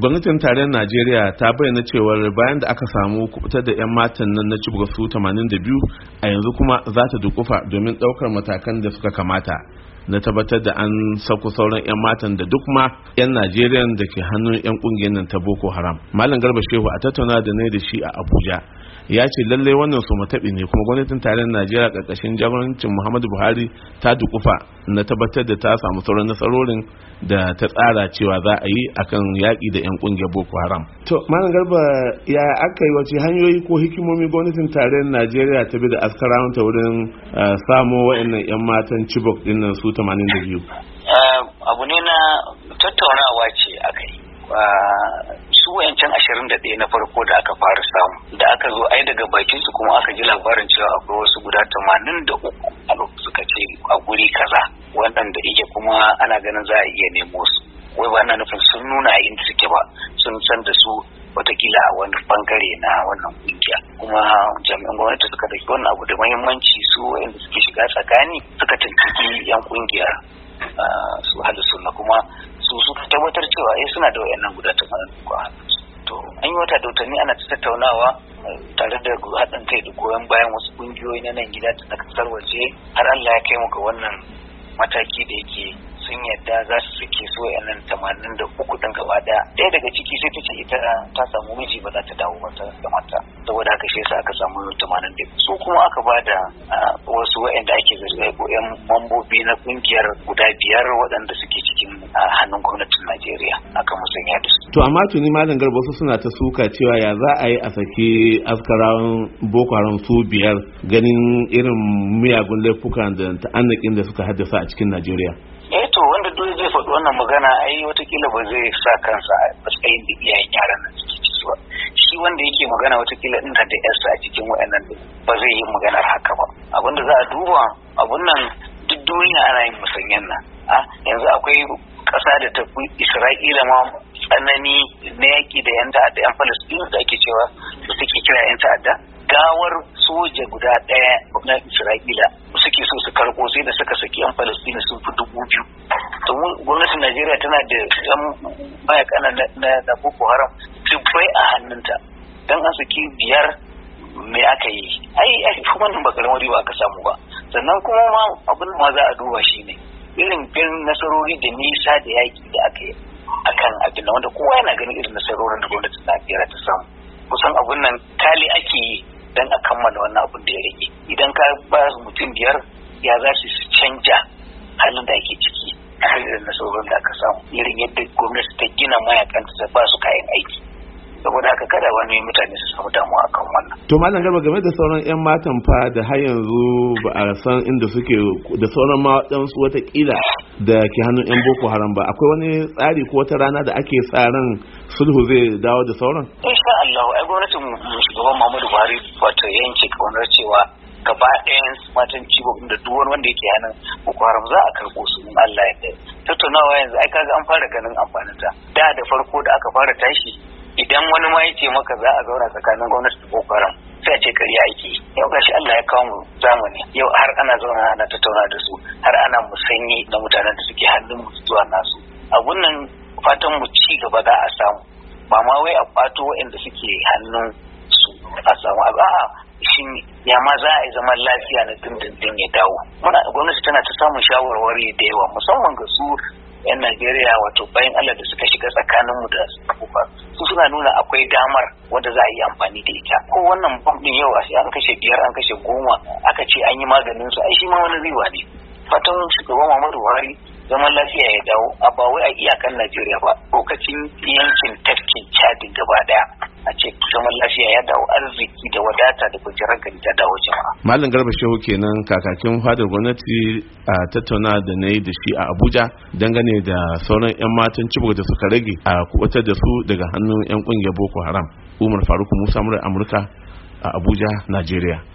gwamnatin tarayyar najeriya ta bayyana cewar bayan da aka samu kubutar da 'yan matan nan na cibga su 82 a yanzu kuma za ta dukufa domin daukar matakan da suka kamata na tabbatar da an sako sauran 'yan matan da duk ma 'yan najeriya da ke hannun 'yan kungiyar nan ta boko haram malam garba shehu a tattauna da ne da shi a abuja ya ce lallai wannan su mataɓi ne kuma gwamnatin tarayyar najeriya ƙarƙashin jagorancin muhammadu buhari ta dukufa na tabbatar da ta samu sauran nasarorin da ta tsara cewa za a yi akan yaƙi da 'yan ƙungiyar boko haram to malam garba ya aka yi wace hanyoyi ko hikimomi gwamnatin tarayyar najeriya ta bi da askarawan ta wurin eh, samo wa'annan 'yan matan chibok dinnan su 82 eh, abu ne na tattaunawa ce aka yi ah, ɗaya na farko da aka fara samu da aka zo ai daga bakin su kuma aka ji labarin cewa akwai wasu guda tamanin da uku a suka ce a guri kaza wannan da iya kuma ana ganin za a iya nemo su wai ba na nufin sun nuna a inda suke ba sun san da su watakila a wani bangare na wannan kungiya kuma jami'an gwamnati suka daki wannan abu da mahimmanci su wanda suke shiga tsakani suka tuntuɓi yan kungiya ah, su hada suna kuma su suka tabbatar cewa eh suna da wa'annan guda tamanin kwa to an yi wata da watanni ana tattaunawa tare da haɗin kai da goyon bayan wasu ƙungiyoyi na nan gida na kasar waje har Allah ya kai mu ga wannan mataki da yake sun yadda za su suke so nan tamanin da uku ɗin gaba ɗaya ɗaya daga ciki sai ta ce ita ta samu miji ba za ta dawo ba ta mata saboda haka shi yasa aka samu tamanin da su kuma aka ba da wasu wa'anda ake zargi ko 'yan mambobi na ƙungiyar guda biyar waɗanda suke cikin A hannun gwamnatin Najeriya aka musanya da su. To amma tuni malam garba wasu suna ta suka cewa ya za a yi a saki askarawan Boko Haram su biyar ganin irin miyagun laifukan da ta'annakin da suka haddasa a cikin Najeriya. Eh to wanda dole zai faɗi wannan magana ai watakila ba zai sa kansa a matsayin da iyayen yaran nan suke ciki Shi wanda yake magana watakila ina da yarsa a cikin wa'annan ba zai yi maganar haka ba. Abinda za a duba abun nan duk duniya ana yin musanyen nan. a ah, yanzu akwai kasa da tafi isra'ila ma tsanani na yaƙi da yan ta'adda yan falastin da ake cewa da suke kira yan ta'adda gawar soja guda ɗaya na isra'ila suke so su karɓo sai da suka saki yan falastin sun fi dubu biyu gwamnatin najeriya tana da yan mayaka na boko haram dubbai a hannunta dan an saki biyar me aka yi ai ai nan ba karamar riba aka samu ba sannan kuma ma abin ma za a duba shi ne irin bin nasarori da nisa da yaƙi da aka yi a kan abin wanda kowa yana ganin irin nasarorin da gwamnatin fiye ta samu kusan abun nan tali ake yi don a kammala wani abun da ya rage idan ka ba mutum biyar ya za su canja halin da ake ciki a irin nasarorin da aka samu irin yadda gwamnati ta gina mayakanta ta ba su kayan aiki kada wani mutane su samu damuwa kan wannan to malam garba game da sauran yan matan fa da har yanzu ba a san inda suke da sauran ma wata watakila da ke hannun yan boko haram ba akwai wani tsari ko wata rana da ake tsarin sulhu zai dawo da sauran insha Allah ai gwamnatin shugaban Muhammadu Buhari wato yanke kaunar cewa gaba ɗayan matan cibo da duk wani wanda yake hannun boko haram za a karɓo su in Allah ya yarda tattaunawa yanzu ai kaga an fara ganin amfaninta da da farko da aka fara tashi idan wani ma yake maka za a zauna tsakanin gwamnati da boko haram sai a ce karya aiki. yau gashi Allah ya kawo mu zamani yau har ana zauna ana tattauna da su har ana musanye da mutanen da suke hannun mu zuwa nasu abun nan fatan mu ci gaba za a samu ba ma wai a kwato waɗanda suke hannun su a samu a ba shi ya ma za a yi zaman lafiya na dindindin ya dawo gwamnati tana ta samun shawarwari da yawa musamman ga su 'yan Najeriya wato bayan Allah da suka shiga tsakanin mu da Kufa su suna nuna akwai damar wanda za a yi amfani da ita ko wannan bomb din yau an kashe biyar an kashe goma aka ce an yi maganin su ai shi ma wani riwa ne fatan shugaban Muhammadu Buhari zaman lafiya ya dawo a ba wai a iyakan Najeriya ba lokacin yankin tafkin Chadi gaba daya a ce zaman lafiya ya dawo arziki da wadata da kujerar gari ta dawo jama'a. Malam Garba Shehu kenan kakakin fadar gwamnati a tattauna da na yi da shi a Abuja dangane da sauran 'yan matan cibo da suka rage a kubutar da su daga hannun 'yan kungiyar Boko Haram. Umar Faruk Musa Amurka a Abuja, Najeriya.